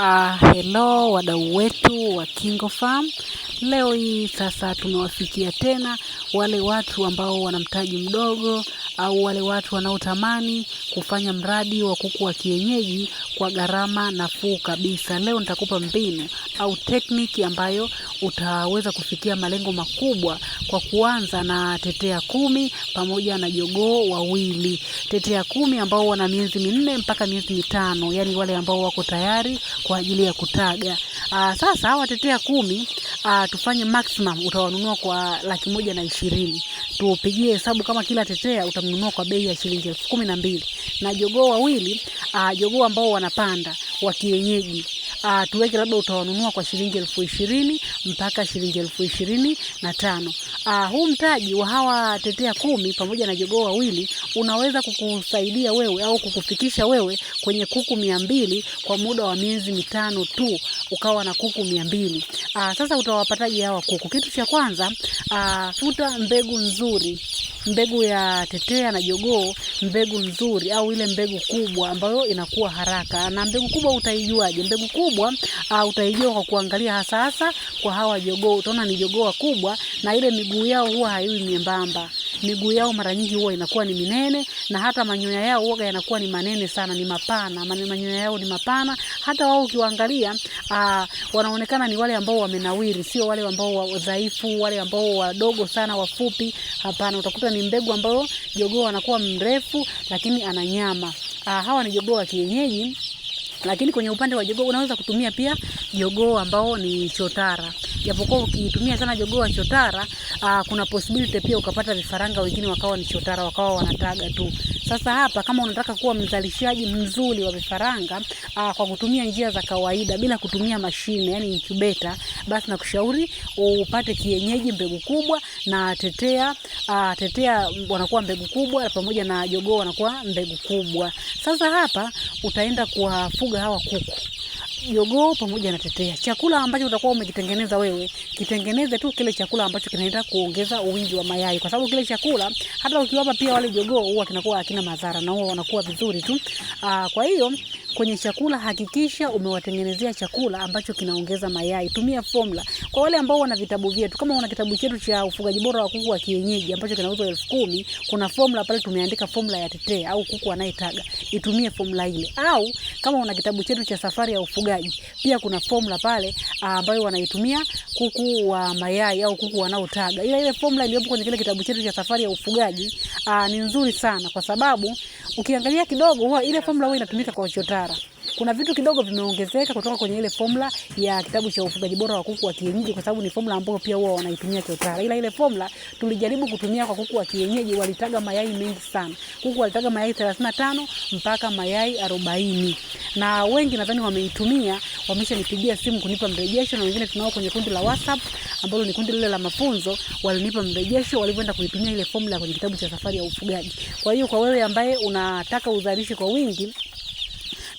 Uh, hello wadau wetu wa kingo farm leo hii sasa tumewafikia tena wale watu ambao wana mtaji mdogo au wale watu wanaotamani kufanya mradi wa kuku wa kienyeji kwa gharama nafuu kabisa. Leo nitakupa mbinu au tekniki ambayo utaweza kufikia malengo makubwa kwa kuanza na tetea kumi pamoja na jogoo wawili. Tetea kumi ambao wana miezi minne mpaka miezi mitano, yani wale ambao wako tayari kwa ajili ya kutaga. Aa, ah, sasa hawa tetea kumi aa, ah, tufanye maximum utawanunua kwa laki moja na ishirini. Tupigie hesabu kama kila tetea utamnunua kwa bei ya shilingi elfu kumi na mbili na jogoo wawili, ah, jogoo ambao wanapanda wa kienyeji uh, tuweke labda utawanunua kwa shilingi elfu ishirini mpaka shilingi elfu ishirini na tano. Uh, huu mtaji wa hawa tetea kumi pamoja na jogoo wawili unaweza kukusaidia wewe au kukufikisha wewe kwenye kuku mia mbili kwa muda wa miezi mitano tu, ukawa na kuku mia mbili. Uh, sasa utawapataje hawa kuku? Kitu cha kwanza, uh, futa mbegu nzuri, mbegu ya tetea na jogoo mbegu nzuri au ile mbegu kubwa ambayo inakuwa haraka. Na mbegu kubwa utaijuaje? Mbegu kubwa uh, ah, utaijua kwa kuangalia hasa hasa kwa hawa jogoo. Utaona ni jogoo kubwa, na ile miguu yao huwa haiwi miembamba miguu yao mara nyingi huwa inakuwa ni minene na hata manyoya yao huwa yanakuwa ni manene sana, ni mapana. Manyoya yao ni mapana, hata wao ukiwaangalia, uh, wanaonekana ni wale ambao wamenawiri, sio wale ambao wadhaifu, wale ambao wadogo sana, wafupi. Hapana, utakuta ni mbegu ambayo jogoo anakuwa mrefu mrefu, lakini ana nyama. Ah, hawa ni jogoo wa kienyeji, lakini kwenye upande wa jogoo unaweza kutumia pia jogoo ambao ni chotara japokuwa ukitumia sana jogoo wa chotara uh, kuna possibility pia ukapata vifaranga wengine wakawa ni chotara wakawa wanataga tu. Sasa hapa kama unataka kuwa mzalishaji mzuri wa vifaranga uh, kwa kutumia njia za kawaida bila kutumia mashine, yani incubator, basi nakushauri upate kienyeji mbegu kubwa na tetea uh, tetea wanakuwa mbegu kubwa pamoja na jogoo wanakuwa mbegu kubwa. Sasa hapa utaenda kuwafuga hawa kuku jogoo pamoja na tetea. Chakula ambacho utakuwa umekitengeneza wewe, kitengeneze tu kile chakula ambacho kinaenda kuongeza uwingi wa mayai, kwa sababu kile chakula hata ukiwapa pia wale jogoo huwa kinakuwa hakina madhara na huwa wanakuwa vizuri tu. Aa, ah, kwa hiyo kwenye chakula hakikisha umewatengenezea chakula ambacho kinaongeza mayai. Tumia formula. Kwa wale ambao wana vitabu vyetu, kama una kitabu chetu cha ufugaji bora wa kuku wa kienyeji ambacho kinauzwa elfu kumi, kuna formula pale tumeandika formula ya tetea au kuku anayetaga. Itumie formula ile. Au kama una kitabu chetu cha safari ya ufugaji, pia kuna formula pale ah, ambayo wanaitumia kuku wa mayai au kuku wanaotaga. Ila ile formula iliyopo kwenye kile kitabu chetu cha safari ya ufugaji ah, ni nzuri sana kwa sababu ukiangalia kidogo, huwa ile formula huwa inatumika kwa uchotaji biashara. Kuna vitu kidogo vimeongezeka kutoka kwenye ile formula ya kitabu cha ufugaji bora wa kuku wa kienyeji, kwa sababu ni formula ambayo pia huwa wanaitumia kiutawala, ila ile formula tulijaribu kutumia kwa kuku wa kienyeji, walitaga mayai mengi sana. Kuku walitaga mayai 35 mpaka mayai 40, na wengi nadhani wameitumia, wameshanipigia simu kunipa mrejesho, na wengine tunao kwenye kundi la WhatsApp ambalo ni kundi lile la mafunzo, walinipa mrejesho walivyoenda kuitumia ile formula kwenye kitabu cha safari ya ufugaji. Kwa hiyo kwa wewe ambaye unataka uzalishe kwa wingi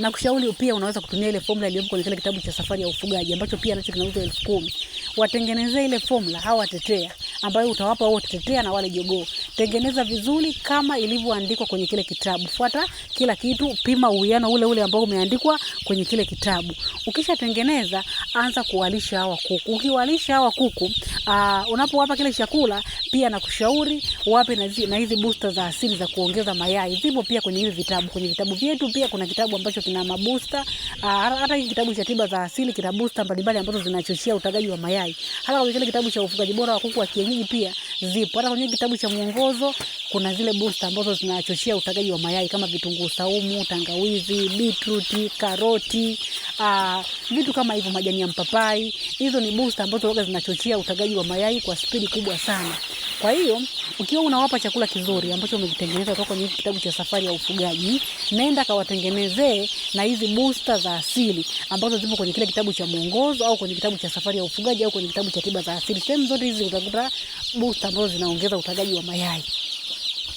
na kushauri pia unaweza kutumia ile formula iliyopo kwenye kile kitabu cha safari ya ufugaji ambacho pia nacho kinauzwa elfu kumi. Watengenezee ile formula hawa tetea ambayo utawapa wao tetea na wale jogoo. Tengeneza vizuri kama ilivyoandikwa kwenye kile kitabu. Fuata kila kitu, pima uwiano ule ule ambao umeandikwa kwenye kile kitabu. Ukishatengeneza, anza kuwalisha hawa kuku. Ukiwalisha hawa kuku, uh, unapowapa kile chakula pia nakushauri wape na hizi booster za asili za kuongeza mayai, zipo pia kwenye hivi vitabu, kwenye vitabu vyetu. Pia kuna kitabu ambacho kina mabusta, ah, hata hiki kitabu cha tiba za asili kina booster mbalimbali ambazo zinachochea utagaji wa mayai. Hata kwenye kile kitabu cha ufugaji bora wa kuku wa kienyeji pia zipo, hata kwenye kitabu cha mwongozo kuna zile booster ambazo zinachochea utagaji wa mayai kama vitunguu saumu, tangawizi, beetroot, karoti, aa, ah, vitu kama hivyo, majani ya mpapai. Hizo ni booster ambazo waga zinachochea utagaji wa mayai kwa spidi kubwa sana. Kwa hiyo ukiwa unawapa chakula kizuri ambacho umekitengeneza kutoka kwenye kitabu cha Safari ya Ufugaji, nenda kawatengenezee na hizi booster za asili ambazo zipo kwenye kile kitabu cha mwongozo au kwenye kitabu cha Safari ya Ufugaji au kwenye kitabu cha Tiba za Asili. Sehemu zote hizi utakuta booster ambazo zinaongeza utagaji wa mayai.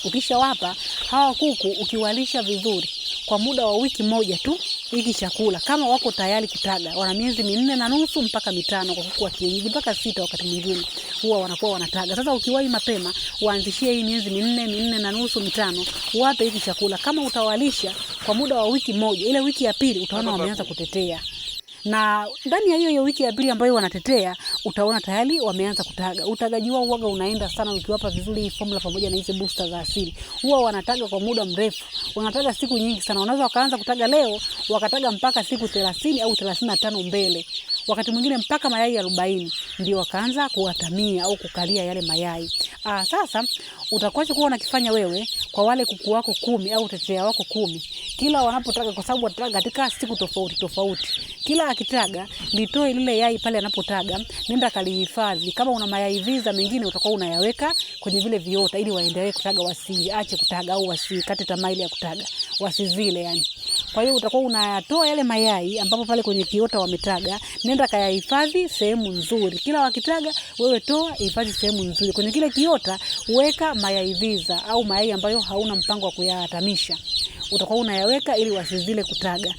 Ukishawapa hawa kuku, ukiwalisha vizuri kwa muda wa wiki moja tu hiki chakula kama wako tayari kitaga Wana miezi minne na nusu mpaka mitano kwa kuku wa kienyeji mpaka sita, wakati mwingine huwa wanakuwa wanataga. Sasa ukiwahi mapema, waanzishie hii miezi minne, minne na nusu, mitano, wape hiki chakula. Kama utawalisha kwa muda wa wiki moja, ile wiki ya pili utaona wameanza kutetea na ndani ya hiyo hiyo wiki ya pili ambayo wanatetea utaona tayari wameanza kutaga. Utagaji wao huaga unaenda sana ukiwapa vizuri hii formula pamoja na hizi booster za asili. Huwa wanataga kwa muda mrefu. Wanataga siku nyingi sana. Wanaweza wakaanza kutaga leo, wakataga mpaka siku 30 au 35 mbele. Wakati mwingine mpaka mayai 40 ndio wakaanza kuatamia au kukalia yale mayai. Ah, sasa utakuwa unakifanya wewe kwa wale kuku wako kumi au tetea wako kumi kila wanapotaka, kwa sababu watataga katika siku tofauti tofauti kila akitaga litoe lile yai pale anapotaga, nenda kalihifadhi. Kama una mayai viza mengine utakuwa unayaweka kwenye vile viota, ili waendelee kutaga, wasiache kutaga au wasikate tamaa ile ya kutaga, wasizile yani. Kwa hiyo utakuwa unayatoa yale mayai ambapo pale kwenye kiota wametaga, nenda kayahifadhi sehemu nzuri. Kila wakitaga wewe toa, hifadhi sehemu nzuri kwenye kile kiota, weka mayai viza au mayai ambayo hauna mpango wa kuyatamisha, utakuwa unayaweka ili wasizile kutaga.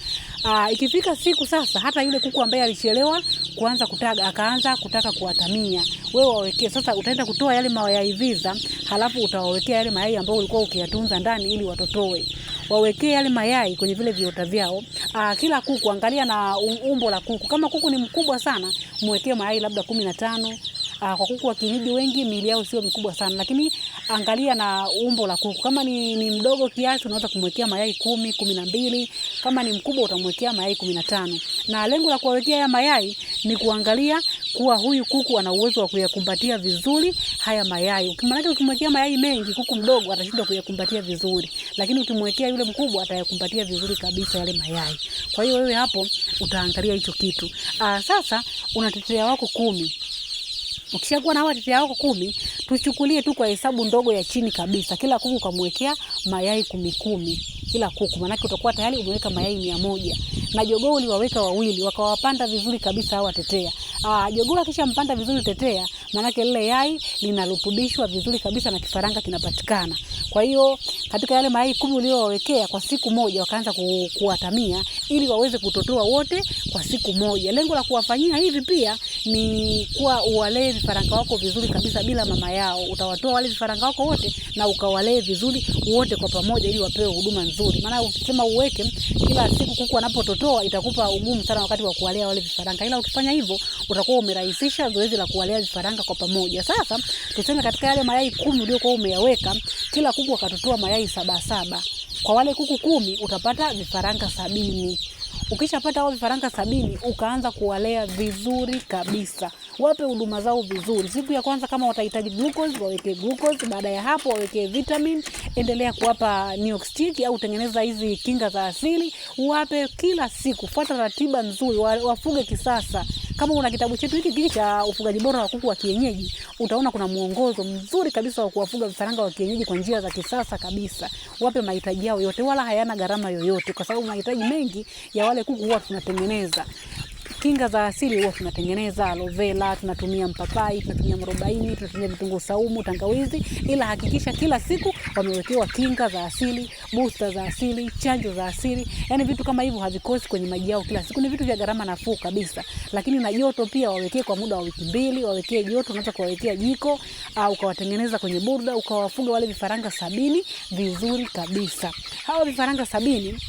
Aa, ah, ikifika siku sasa, hata yule kuku ambaye alichelewa kuanza kutaga akaanza kutaka kuwatamia, wewe wawekee sasa. Utaenda kutoa yale mayai viza, halafu utawawekea yale mayai ambayo ulikuwa ukiyatunza ndani ili watotoe wawekee yale mayai kwenye vile viota vyao. Aa, ah, kila kuku angalia na umbo la kuku. Kama kuku ni mkubwa sana, mwekee mayai labda kumi na tano uh, kwa kuku wa kienyeji wengi miili yao sio mikubwa sana, lakini angalia na umbo la kuku. Kama ni, ni mdogo kiasi unaweza kumwekea mayai kumi, kumi na mbili. Kama ni mkubwa utamwekea mayai kumi na tano. Na lengo la kuwawekea haya mayai ni kuangalia kuwa huyu kuku ana uwezo wa kuyakumbatia vizuri haya mayai. Maana ukimwekea mayai mengi kuku mdogo atashindwa kuyakumbatia vizuri, lakini ukimwekea yule mkubwa atayakumbatia vizuri kabisa yale mayai. Kwa hiyo wewe hapo utaangalia hicho kitu. Aa, ah, sasa una tetea wako kumi Ukishakuwa na watetea wako kumi, tuchukulie tu kwa hesabu ndogo ya chini kabisa, kila kuku kamwekea mayai kumi kumi kila kuku, maanake utakuwa tayari umeweka mayai mia moja. Na jogoo uliwaweka wawili, wakawapanda vizuri kabisa hawa tetea. Ah, jogoo akishampanda vizuri tetea, maanake lile yai linarutubishwa vizuri kabisa na kifaranga kinapatikana. Kwa hiyo katika yale mayai kumi uliowawekea kwa siku moja, wakaanza ku, kuwatamia ili waweze kutotoa wote kwa siku moja. Lengo la kuwafanyia hivi pia ni kuwa uwalee vifaranga wako vizuri kabisa bila mama yao. Utawatoa wale vifaranga wako wote na ukawalee vizuri wote kwa pamoja, ili wapewe huduma nzuri. Maana ukisema uweke kila siku kuku anapototoa, itakupa ugumu sana wakati wa kuwalea wale vifaranga, ila ukifanya hivyo utakuwa umerahisisha zoezi la kuwalea vifaranga kwa pamoja. Sasa tuseme katika yale mayai kumi uliokuwa umeyaweka, kila kuku akatotoa mayai saba saba, kwa wale kuku kumi utapata vifaranga sabini. Ukishapata hao vifaranga sabini, ukaanza kuwalea vizuri kabisa, wape huduma zao vizuri. Siku ya kwanza kama watahitaji glucose, waweke glucose. Baada ya hapo, waweke vitamin, endelea kuwapa nioxtic au tengeneza hizi kinga za asili, wape kila siku, fuata ratiba nzuri, wafuge kisasa. Kama una kitabu chetu hiki cha ufugaji bora wa kuku wa kienyeji utaona kuna mwongozo mzuri kabisa wa kuwafuga vifaranga wa kienyeji kwa njia za kisasa kabisa. Wape mahitaji yao yote, wala hayana gharama yoyote, kwa sababu mahitaji mengi ya wale kuku huwa tunatengeneza kinga za asili huwa tunatengeneza aloe vera, tunatumia mpapai, tunatumia mrobaini, tunatumia vitunguu saumu, tangawizi, ila hakikisha kila siku wamewekewa kinga za asili, booster za asili, chanjo za asili. Yani vitu kama hivyo havikosi kwenye maji yao kila siku, ni vitu vya gharama nafuu kabisa. Lakini na joto pia wawekee kwa muda wa wiki mbili, wawekee joto. Unaweza kuwawekea jiko au ukawatengeneza kwenye burda, ukawafuga wale vifaranga sabini vizuri kabisa. Hawa vifaranga sabini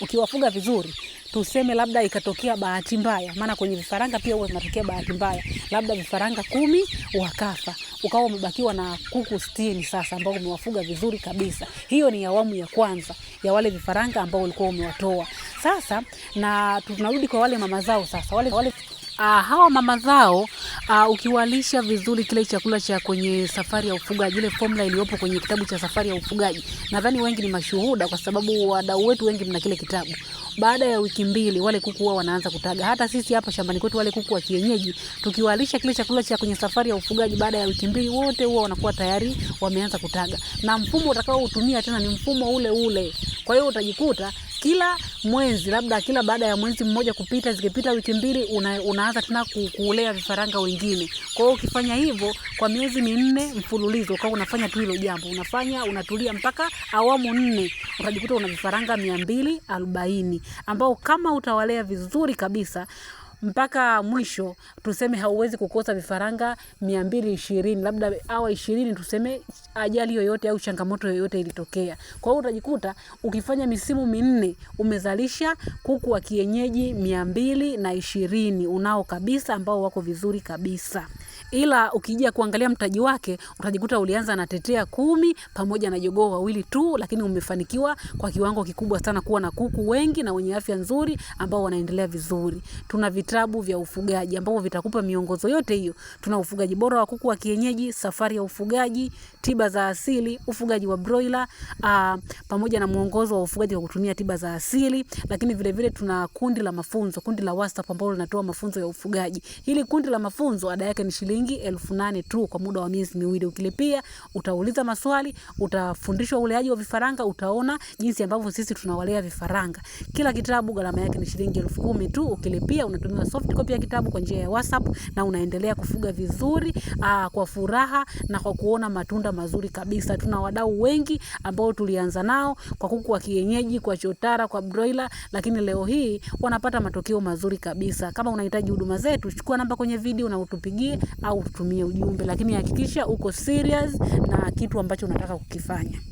ukiwafuga vizuri tuseme labda ikatokea bahati mbaya, maana kwenye vifaranga pia huwa inatokea bahati mbaya, labda vifaranga kumi wakafa, ukawa umebakiwa na kuku sitini sasa ambao umewafuga vizuri kabisa. Hiyo ni awamu ya kwanza ya wale vifaranga ambao ulikuwa umewatoa. Sasa na tunarudi kwa wale mama zao sasa, wale, wale Uh, hawa mama zao uh, ukiwalisha vizuri kile chakula cha kwenye safari ya ufugaji, ile formula iliyopo kwenye kitabu cha safari ya ufugaji, nadhani wengi ni mashuhuda, kwa sababu wadau wetu wengi mna kile kitabu baada ya wiki mbili wale kuku wao wanaanza kutaga. Hata sisi hapa shambani kwetu wale kuku wa kienyeji tukiwalisha kile chakula cha kwenye safari ya ufugaji, baada ya wiki mbili wote huwa wanakuwa tayari wameanza kutaga, na mfumo utakao utumia tena ni mfumo ule ule. Kwa hiyo utajikuta kila mwezi labda kila baada ya mwezi mmoja kupita, zikipita wiki mbili, una, unaanza tena kuulea vifaranga wengine. Kwa hiyo ukifanya hivyo kwa miezi minne mfululizo, kwa unafanya tu hilo jambo, unafanya unatulia mpaka awamu nne, utajikuta una vifaranga mia mbili arobaini ambao kama utawalea vizuri kabisa mpaka mwisho tuseme hauwezi kukosa vifaranga mia mbili ishirini labda awa ishirini tuseme ajali yoyote au changamoto yoyote ilitokea. Kwa hiyo utajikuta ukifanya misimu minne umezalisha kuku wa kienyeji mia mbili na ishirini unao kabisa ambao wako vizuri kabisa ila ukija kuangalia mtaji wake utajikuta ulianza na tetea kumi pamoja na jogoo wawili tu, lakini umefanikiwa kwa kiwango kikubwa sana kuwa na kuku wengi na wenye afya nzuri ambao wanaendelea vizuri. Tuna vitabu vya ufugaji ambavyo vitakupa miongozo yote hiyo. Tuna ufugaji bora wa kuku wa kienyeji, safari ya ufugaji, tiba za asili, ufugaji wa broiler, uh, pamoja na mwongozo wa ufugaji wa kutumia tiba za asili, lakini vile vile tuna kundi la mafunzo, kundi la WhatsApp ambalo linatoa mafunzo ya ufugaji. Hili kundi la mafunzo ada yake ni shilingi shilingi elfu nane tu kwa muda wa miezi miwili. Ukilipia utauliza maswali, utafundishwa uleaji wa vifaranga, utaona jinsi ambavyo sisi tunawalea vifaranga. Kila kitabu gharama yake ni shilingi elfu kumi tu. Ukilipia unatumiwa soft copy ya kitabu kwa njia ya WhatsApp na unaendelea kufuga vizuri aa, kwa furaha na kwa kuona matunda mazuri kabisa. Tuna wadau wengi ambao tulianza nao kwa kuku wa kienyeji, kwa chotara, kwa broiler, lakini leo hii wanapata matokeo mazuri kabisa. Kama unahitaji huduma zetu, chukua namba kwenye video na utupigie au au utumie ujumbe, lakini hakikisha uko serious na kitu ambacho unataka kukifanya.